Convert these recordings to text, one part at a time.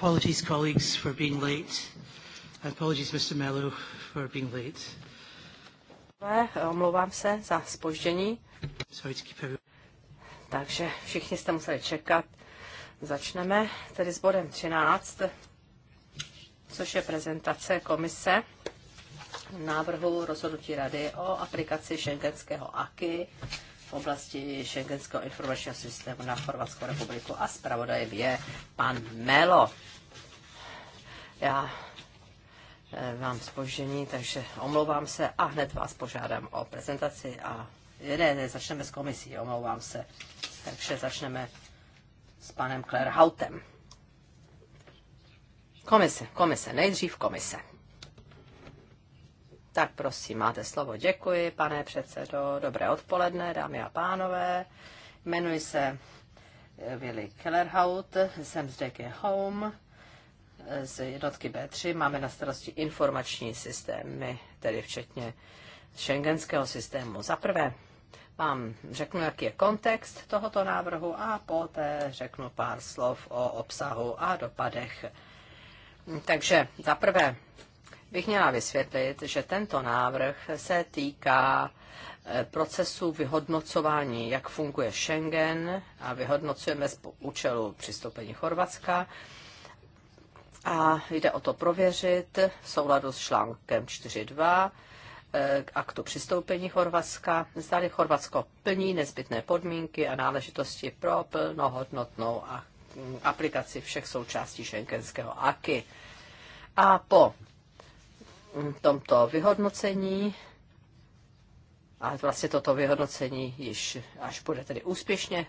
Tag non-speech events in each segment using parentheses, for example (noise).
Apologies, colleagues, for being late. Apologies, Mr. Mello, for being late. Omlouvám se za spoždění. Sorry to keep everyone. Takže všichni jste museli čekat. Začneme tedy s bodem 13, což je prezentace komise návrhu rozhodnutí Rady o aplikaci šengenského AKY v oblasti Schengenského informačního systému na Chorvatskou republiku a zpravodajem je pan Melo. Já eh, mám spoždění, takže omlouvám se a hned vás požádám o prezentaci a ne, ne, začneme s komisí, omlouvám se. Takže začneme s panem Claire Hautem. Komise, komise, nejdřív komise. Tak prosím, máte slovo. Děkuji, pane předsedo. Dobré odpoledne, dámy a pánové. Jmenuji se eh, Willy Kellerhout, jsem z DG Home eh, z jednotky B3. Máme na starosti informační systémy, tedy včetně šengenského systému. Za prvé vám řeknu, jaký je kontext tohoto návrhu a poté řeknu pár slov o obsahu a dopadech. Takže za prvé bych měla vysvětlit, že tento návrh se týká eh, procesu vyhodnocování, jak funguje Schengen a vyhodnocujeme z účelu přistoupení Chorvatska. A jde o to prověřit v souladu s článkem 4.2 k eh, aktu přistoupení Chorvatska, zdali Chorvatsko plní nezbytné podmínky a náležitosti pro plnohodnotnou aplikaci všech součástí šenkenského AKY. A po tomto vyhodnocení. A vlastně toto vyhodnocení již, až bude tedy úspěšně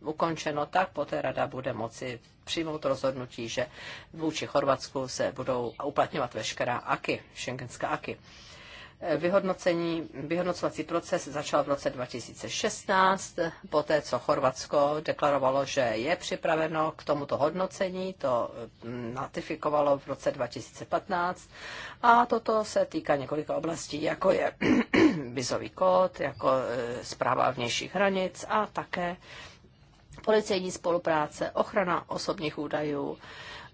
ukončeno, tak poté rada bude moci přijmout rozhodnutí, že vůči Chorvatsku se budou uplatňovat veškerá aky, šengenská aky. Vyhodnocení, vyhodnocovací proces začal v roce 2016, poté co Chorvatsko deklarovalo, že je připraveno k tomuto hodnocení, to notifikovalo mm, v roce 2015 a toto se týká několika oblastí, jako je (clears throat) vizový kód, jako e, zpráva vnějších hranic a také policejní spolupráce, ochrana osobních údajů,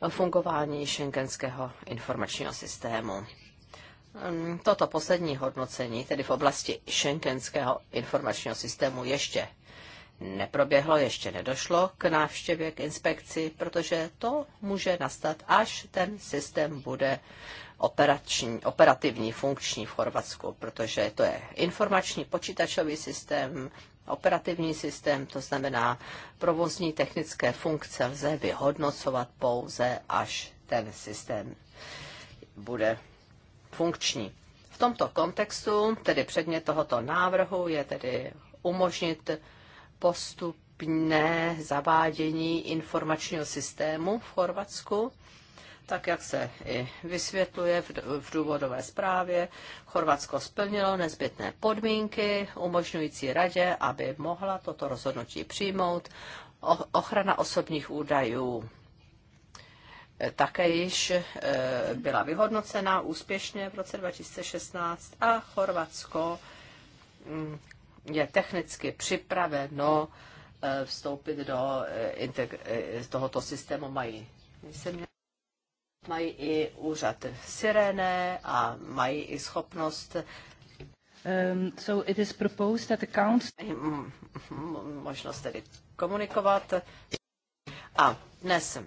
fungování šengenského informačního systému. Ehm, toto poslední hodnocení, tedy v oblasti šenkenského informačního systému, ještě neproběhlo, ještě nedošlo k návštěvě, k inspekci, protože to může nastat, až ten systém bude operační, operativní, funkční v Chorvatsku, protože to je informační počítačový systém, operativní systém, to znamená provozní technické funkce lze vyhodnocovat pouze, až ten systém bude funkční. V tomto kontextu, tedy předmět tohoto návrhu, je tedy umožnit postupné zavádění informačního systému v Chorvatsku, tak jak se i vysvětluje v důvodové zprávě, Chorvatsko splnilo nezbytné podmínky umožňující radě, aby mohla toto rozhodnutí přijmout. Ochrana osobních údajů také již eh, byla vyhodnocena úspěšně v roce 2016 a Chorvatsko mm, je technicky připraveno eh, vstoupit do eh, tohoto systému. Mají, mají i úřad sirene a mají i schopnost Um, so it is proposed that the council... Možnost tedy komunikovat. A dnes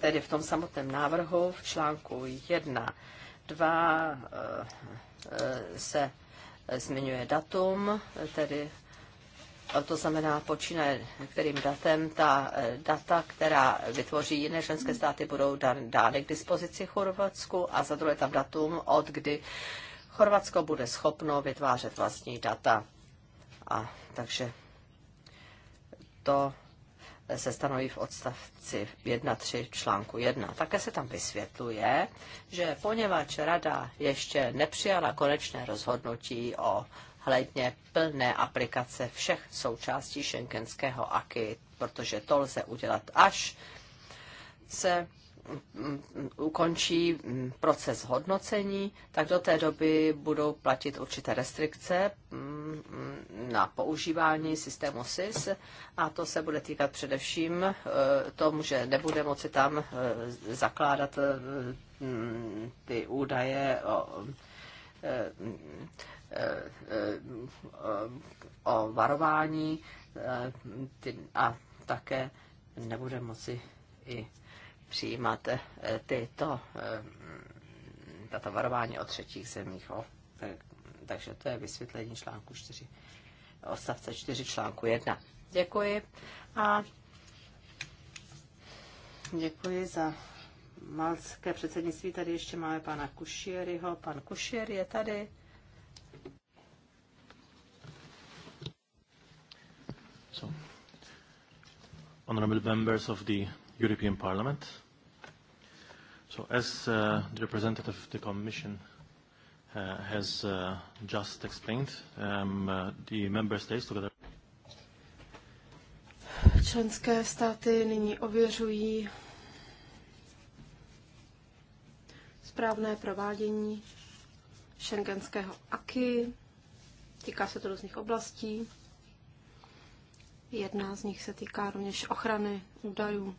tedy v tom samotném návrhu v článku 1, 2 eh, eh, se zmiňuje datum, tedy to znamená počínaje kterým datem ta eh, data, která vytvoří jiné členské státy, budou dány k dispozici Chorvatsku a za druhé tam datum, od kdy Chorvatsko bude schopno vytvářet vlastní data. A takže to se stanoví v odstavci 1.3 článku 1. Také se tam vysvětluje, že poněvadž rada ještě nepřijala konečné rozhodnutí o hledně plné aplikace všech součástí šenkenského aky, protože to lze udělat až se ukončí proces hodnocení, tak do té doby budou platit určité restrikce mm, na používání systému SIS a to se bude týkat především eh, tomu, že nebude moci tam eh, zakládat eh, mm, ty údaje o, mm, o varování a také nebude moci i přijímat eh, tyto, eh, tato varování o třetích zemích. Eh, takže to je vysvětlení článku 4, odstavce 4 článku 1. Děkuji a děkuji za malské předsednictví. Tady ještě máme pana Kušieryho. Pan Kušier je tady. Honorable members of the European Parliament. So as uh, the representative of the Commission uh, has uh, just explained, um, uh, the member states together Členské státy nyní ověřují správné provádění šengenského AKY. Týká se to různých oblastí. Jedna z nich se týká rovněž ochrany údajů.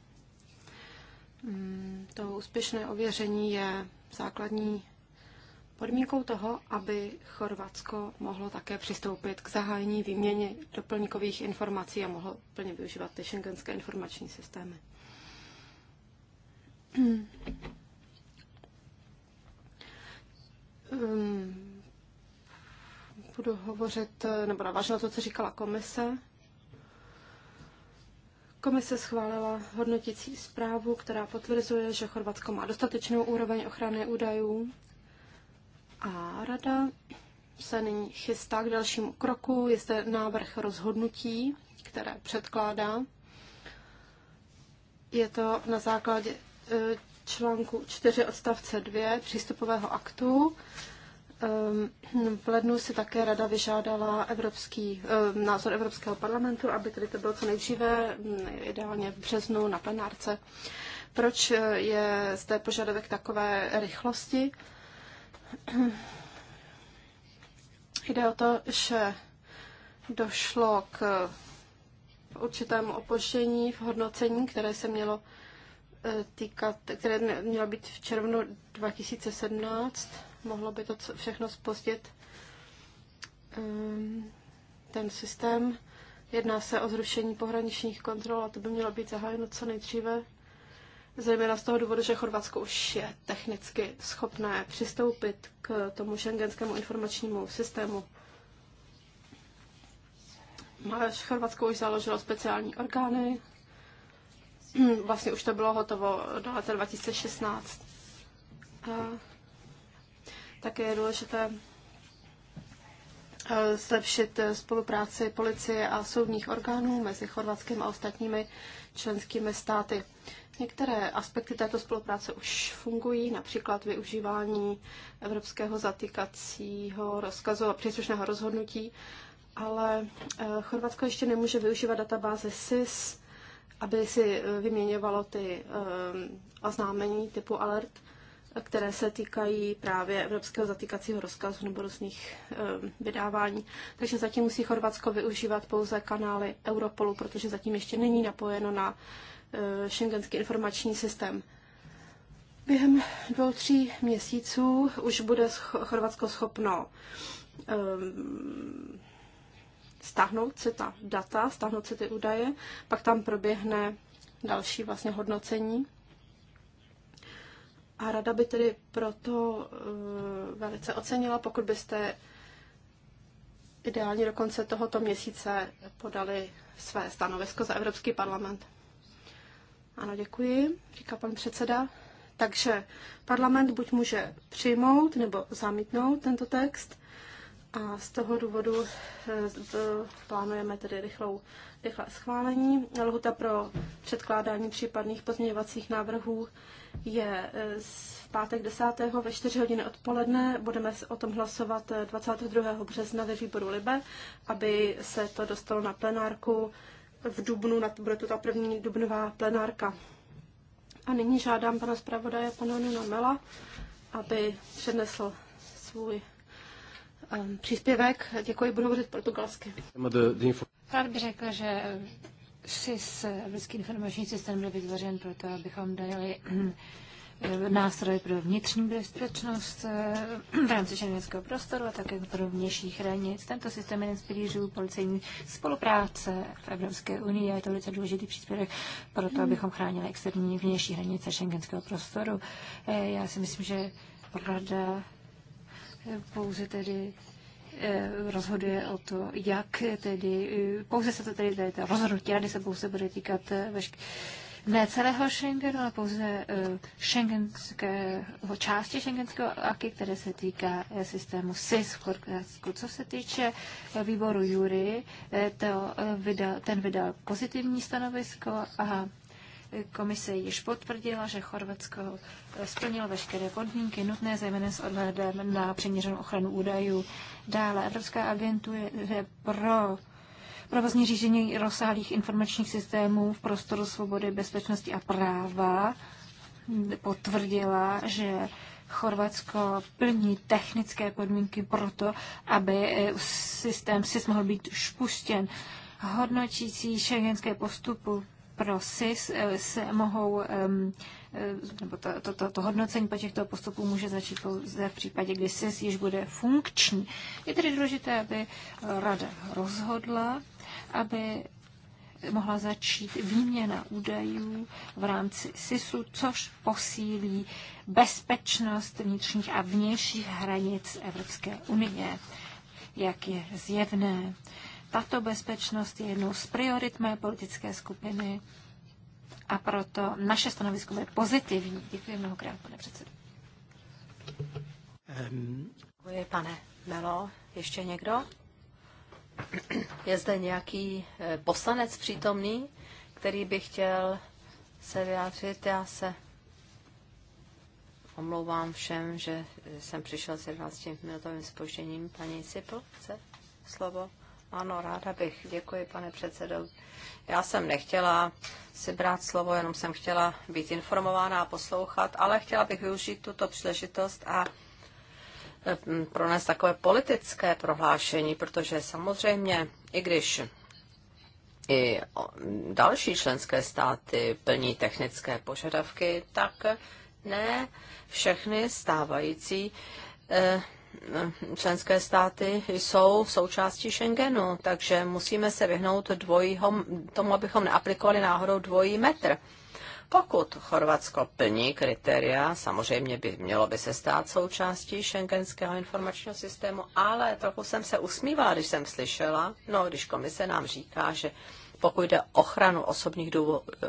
Hmm, to úspěšné ověření je základní podmínkou toho, aby Chorvatsko mohlo také přistoupit k zahájení výměně doplňkových informací a mohlo plně využívat ty šengenské informační systémy. Hmm. Hmm. budu hovořit, nebo navážu na to, co říkala komise. Komise schválila hodnotící zprávu, která potvrzuje, že Chorvatsko má dostatečnou úroveň ochrany údajů a rada se nyní chystá k dalšímu kroku. Je zde návrh rozhodnutí, které předkládá. Je to na základě eh, článku 4 odstavce 2 přístupového aktu Ehm, v lednu si také rada vyžádala evropský, ehm, názor Evropského parlamentu, aby tedy to bylo co nejdříve, mm, ideálně v březnu na plenárce. Proč eh, je zde požadavek takové rychlosti? (clears throat) Jde o to, že došlo k určitému opoždění v hodnocení, které se mělo eh, týkat, které mělo být v červnu 2017 mohlo by to všechno spozdit ehm, ten systém. Jedná se o zrušení pohraničních kontrol a to by mělo být zahájeno co nejdříve. Zejména z toho důvodu, že Chorvatsko už je technicky schopné přistoupit k tomu šengenskému informačnímu systému. Chorvatsko už založilo speciální orgány. Vlastně už to bylo hotovo do leta 2016. A také je důležité eh, zlepšit eh, spolupráci policie a soudních orgánů mezi Chorvatským a ostatními členskými státy. Některé aspekty této spolupráce už fungují, například využívání evropského zatýkacího rozkazu a příslušného rozhodnutí, ale eh, Chorvatsko ještě nemůže využívat databáze SIS, aby si vyměňovalo ty oznámení typu alert které se týkají právě evropského zatýkacího rozkazu nebo různých um, vydávání. Takže zatím musí Chorvatsko využívat pouze kanály Europolu, protože zatím ještě není napojeno na uh, eh, šengenský informační systém. Během dvou, tří měsíců už bude Chorvatsko schopno um, stáhnout se ta data, stáhnout se ty údaje, pak tam proběhne další vlastně hodnocení a rada by tedy proto eh, velice ocenila, pokud byste ideálně do konce tohoto měsíce podali své stanovisko za Evropský parlament. Ano, děkuji, říká pan předseda. Takže parlament buď může přijmout nebo zamítnout tento text. A z toho důvodu eh, plánujeme tedy rychlou, rychlé schválení. Lhuta pro předkládání případných pozměňovacích návrhů je eh, z pátek 10. ve 4 hodiny odpoledne. Budeme o tom hlasovat 22. Eh, března ve výboru Libe, aby se to dostalo na plenárku v Dubnu, na, bude to ta první dubnová plenárka. A nyní žádám pana zpravodaje, pana Nuna Mela, aby přednesl svůj Ehm, příspěvek. Děkuji, budu hovořit portugalsky. Rád bych řekl, že SIS, Evropský informační systém, byl vytvořen proto, abychom dali ehm, nástroj pro vnitřní bezpečnost ehm, v rámci šengenského prostoru a také pro vnějších hranic. Tento systém je jeden z pilířů policejní spolupráce v Evropské unii a je to velice důležitý příspěvek pro to, abychom chránili externí vnější hranice šengenského prostoru. Eh, já si myslím, že rada pouze tedy eh, rozhoduje o to, jak tedy, eh, pouze se to tedy, tedy to rozhodnutí rady se pouze bude týkat eh, vešk- ne celého Schengenu, ale pouze šengenského části šengenského aky, které se týká systému SIS v Chorvatsku. Co se týče výboru Jury, to vydal, ten vydal pozitivní stanovisko a Komise již potvrdila, že Chorvatsko splnilo veškeré podmínky nutné zejména s odhledem na přiměřenou ochranu údajů. Dále Evropská agentura pro provozní řízení rozsáhlých informačních systémů v prostoru svobody, bezpečnosti a práva potvrdila, že Chorvatsko plní technické podmínky pro to, aby eh, systém SIS mohl být spuštěn. Hodnotící šengenské postupu pro SIS se mohou, nebo to, to, to, to hodnocení po těchto postupů může začít pouze v případě, kdy SIS již bude funkční. Je tedy důležité, aby rada rozhodla, aby mohla začít výměna údajů v rámci SISu, což posílí bezpečnost vnitřních a vnějších hranic Evropské unie, jak je zjevné tato bezpečnost je jednou z priorit mé politické skupiny a proto naše stanovisko bude pozitivní. Děkuji mnohokrát, pane předsedo. Um. Děkuji, pane Melo. Ještě někdo? Je zde nějaký eh, poslanec přítomný, který by chtěl se vyjádřit? Já se omlouvám všem, že jsem přišel s 11 minutovým spožděním. Paní Cipl, chce slovo? Ano, ráda bych. Děkuji, pane předsedo. Já jsem nechtěla si brát slovo, jenom jsem chtěla být informována a poslouchat, ale chtěla bych využít tuto příležitost a eh, pronést takové politické prohlášení, protože samozřejmě, i když i další členské státy plní technické požadavky, tak ne všechny stávající eh, členské státy jsou součástí Schengenu, takže musíme se vyhnout dvojího, tomu, abychom neaplikovali náhodou dvojí metr. Pokud Chorvatsko plní kritéria, samozřejmě by mělo by se stát součástí šengenského informačního systému, ale trochu jsem se usmívala, když jsem slyšela, no když komise nám říká, že pokud jde ochranu osobních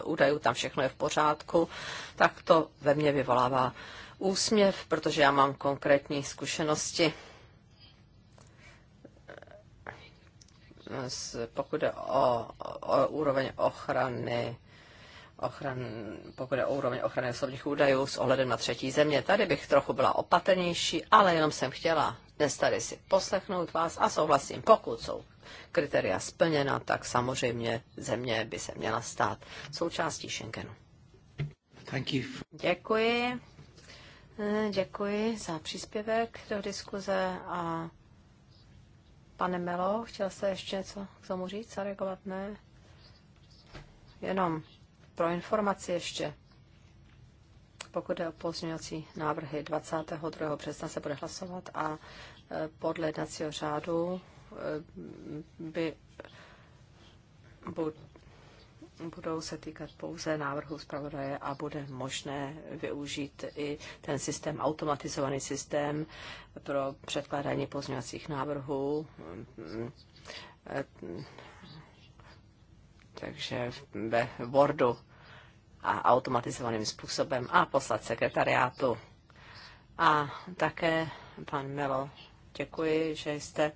údajů, tam všechno je v pořádku, tak to ve mně vyvolává úsměv, protože já mám konkrétní zkušenosti. pokud jde o, o úroveň ochrany, ochran, pokud jde o úroveň ochrany osobních údajů s ohledem na třetí země. Tady bych trochu byla opatrnější, ale jenom jsem chtěla dnes tady si poslechnout vás a souhlasím, pokud jsou kritéria splněna, tak samozřejmě země by se měla stát součástí Schengenu. Děkuji. Eh, děkuji za příspěvek do diskuze a pane Melo, chtěl jste ještě něco k tomu říct, zareagovat? Ne? Jenom pro informaci ještě. Pokud je o pozměňovací návrhy 22. března se bude hlasovat a eh, podle jednacího řádu eh, by budou se týkat pouze návrhu zpravodaje a bude možné využít i ten systém, automatizovaný systém pro předkládání pozměňovacích návrhů. Takže ve Wordu a automatizovaným způsobem a poslat sekretariátu. A také, pan Melo, děkuji, že jste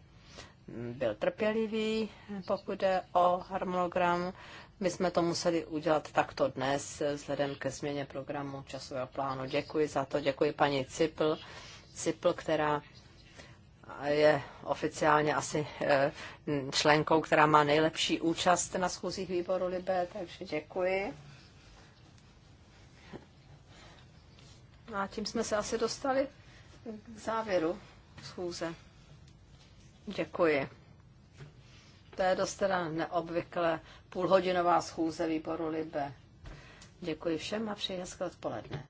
byl trpělivý, pokud jde o harmonogram my jsme to museli udělat takto dnes vzhledem ke změně programu časového plánu. Děkuji za to, děkuji paní Cipl, Cipl která je oficiálně asi eh, členkou, která má nejlepší účast na schůzích výboru Libé, takže děkuji. A tím jsme se asi dostali k závěru schůze. Děkuji. To je dost teda neobvykle půlhodinová schůze výboru Libe. Děkuji všem a přeji hezké odpoledne.